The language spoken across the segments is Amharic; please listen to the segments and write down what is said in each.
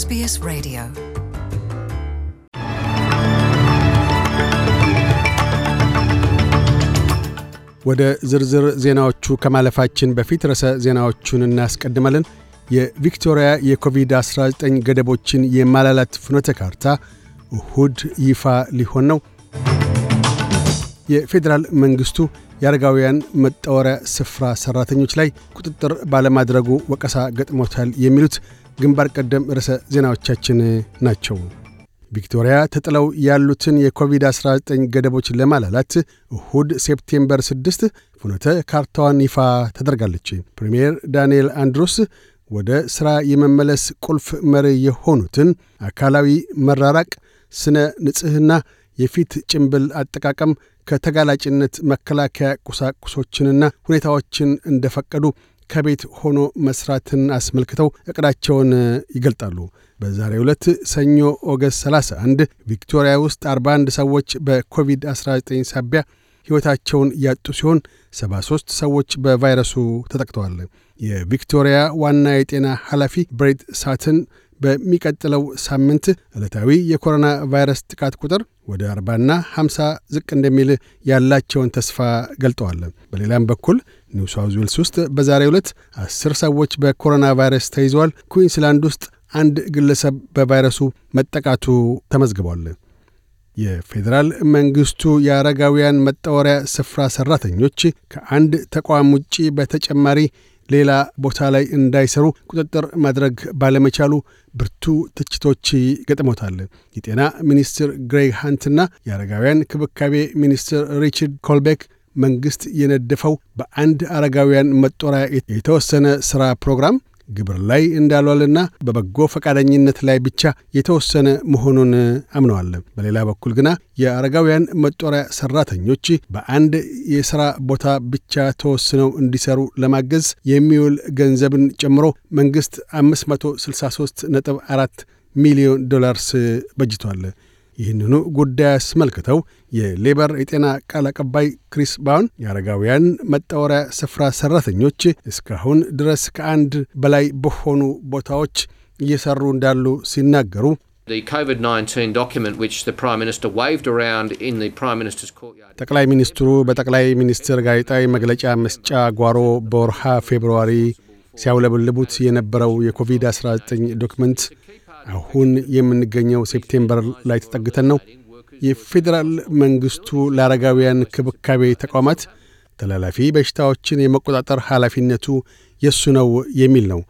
SBS Radio ወደ ዝርዝር ዜናዎቹ ከማለፋችን በፊት ርዕሰ ዜናዎቹን እናስቀድማለን። የቪክቶሪያ የኮቪድ-19 ገደቦችን የማላላት ፍኖተ ካርታ እሁድ ይፋ ሊሆን ነው። የፌዴራል መንግሥቱ የአረጋውያን መጣወሪያ ስፍራ ሠራተኞች ላይ ቁጥጥር ባለማድረጉ ወቀሳ ገጥሞታል። የሚሉት ግንባር ቀደም ርዕሰ ዜናዎቻችን ናቸው። ቪክቶሪያ ተጥለው ያሉትን የኮቪድ-19 ገደቦች ለማላላት እሁድ ሴፕቴምበር 6 ፍኖተ ካርታዋን ይፋ ተደርጋለች። ፕሪምየር ዳንኤል አንድሮስ ወደ ሥራ የመመለስ ቁልፍ መሪ የሆኑትን አካላዊ መራራቅ፣ ስነ ንጽሕና፣ የፊት ጭንብል አጠቃቀም ከተጋላጭነት መከላከያ ቁሳቁሶችንና ሁኔታዎችን እንደፈቀዱ ከቤት ሆኖ መስራትን አስመልክተው እቅዳቸውን ይገልጣሉ። በዛሬ ዕለት ሰኞ ኦገስት 31 ቪክቶሪያ ውስጥ 41 ሰዎች በኮቪድ-19 ሳቢያ ሕይወታቸውን ያጡ ሲሆን 73 ሰዎች በቫይረሱ ተጠቅተዋል። የቪክቶሪያ ዋና የጤና ኃላፊ ብሬድ ሳትን በሚቀጥለው ሳምንት ዕለታዊ የኮሮና ቫይረስ ጥቃት ቁጥር ወደ 40ና 50 ዝቅ እንደሚል ያላቸውን ተስፋ ገልጠዋል። በሌላም በኩል ኒው ሳውዝ ዌልስ ውስጥ በዛሬ ዕለት አስር ሰዎች በኮሮና ቫይረስ ተይዘዋል። ኩዊንስላንድ ውስጥ አንድ ግለሰብ በቫይረሱ መጠቃቱ ተመዝግቧል። የፌዴራል መንግሥቱ የአረጋውያን መጣወሪያ ስፍራ ሠራተኞች ከአንድ ተቋም ውጪ በተጨማሪ ሌላ ቦታ ላይ እንዳይሰሩ ቁጥጥር ማድረግ ባለመቻሉ ብርቱ ትችቶች ገጥሞታል። የጤና ሚኒስትር ግሬግ ሃንትና የአረጋውያን ክብካቤ ሚኒስትር ሪቻርድ ኮልቤክ መንግሥት የነደፈው በአንድ አረጋውያን መጦሪያ የተወሰነ ሥራ ፕሮግራም ግብር ላይ እንዳሏልና በበጎ ፈቃደኝነት ላይ ብቻ የተወሰነ መሆኑን አምነዋል። በሌላ በኩል ግና የአረጋውያን መጦሪያ ሰራተኞች በአንድ የሥራ ቦታ ብቻ ተወስነው እንዲሰሩ ለማገዝ የሚውል ገንዘብን ጨምሮ መንግሥት 563.4 ሚሊዮን ዶላርስ በጅቷል። ይህንኑ ጉዳይ አስመልክተው የሌበር የጤና ቃል አቀባይ ክሪስ ባውን የአረጋውያን መጣወሪያ ስፍራ ሠራተኞች እስካሁን ድረስ ከአንድ በላይ በሆኑ ቦታዎች እየሠሩ እንዳሉ ሲናገሩ ጠቅላይ ሚኒስትሩ በጠቅላይ ሚኒስትር ጋዜጣዊ መግለጫ መስጫ ጓሮ በወርሃ ፌብርዋሪ ሲያውለበልቡት የነበረው የኮቪድ-19 ዶክመንት አሁን የምንገኘው ሴፕቴምበር ላይ ተጠግተን ነው። የፌዴራል መንግሥቱ ለአረጋውያን ክብካቤ ተቋማት ተላላፊ በሽታዎችን የመቆጣጠር ኃላፊነቱ የሱ ነው የሚል ነው።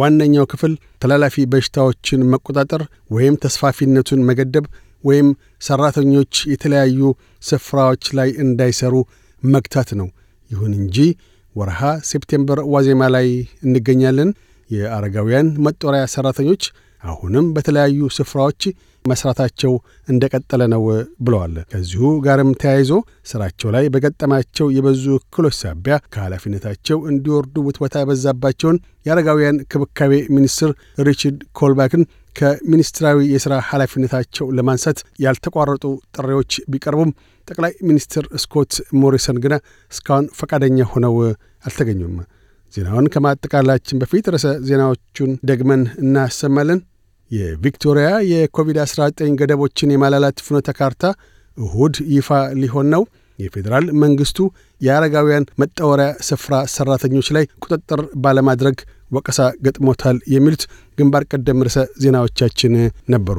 ዋነኛው ክፍል ተላላፊ በሽታዎችን መቆጣጠር ወይም ተስፋፊነቱን መገደብ ወይም ሠራተኞች የተለያዩ ስፍራዎች ላይ እንዳይሰሩ መግታት ነው። ይሁን እንጂ ወርሃ ሴፕቴምበር ዋዜማ ላይ እንገኛለን። የአረጋውያን መጦሪያ ሠራተኞች አሁንም በተለያዩ ስፍራዎች መስራታቸው እንደቀጠለ ነው ብለዋል። ከዚሁ ጋርም ተያይዞ ስራቸው ላይ በገጠማቸው የበዙ እክሎች ሳቢያ ከኃላፊነታቸው እንዲወርዱ ውትወታ የበዛባቸውን የአረጋውያን ክብካቤ ሚኒስትር ሪችርድ ኮልባክን ከሚኒስትራዊ የሥራ ኃላፊነታቸው ለማንሳት ያልተቋረጡ ጥሪዎች ቢቀርቡም ጠቅላይ ሚኒስትር ስኮት ሞሪሰን ግና እስካሁን ፈቃደኛ ሆነው አልተገኙም። ዜናውን ከማጠቃላችን በፊት ርዕሰ ዜናዎቹን ደግመን እናሰማለን። የቪክቶሪያ የኮቪድ-19 ገደቦችን የማላላት ፍኖተ ካርታ እሁድ ይፋ ሊሆን ነው። የፌዴራል መንግሥቱ የአረጋውያን መጣወሪያ ስፍራ ሠራተኞች ላይ ቁጥጥር ባለማድረግ ወቀሳ ገጥሞታል። የሚሉት ግንባር ቀደም ርዕሰ ዜናዎቻችን ነበሩ።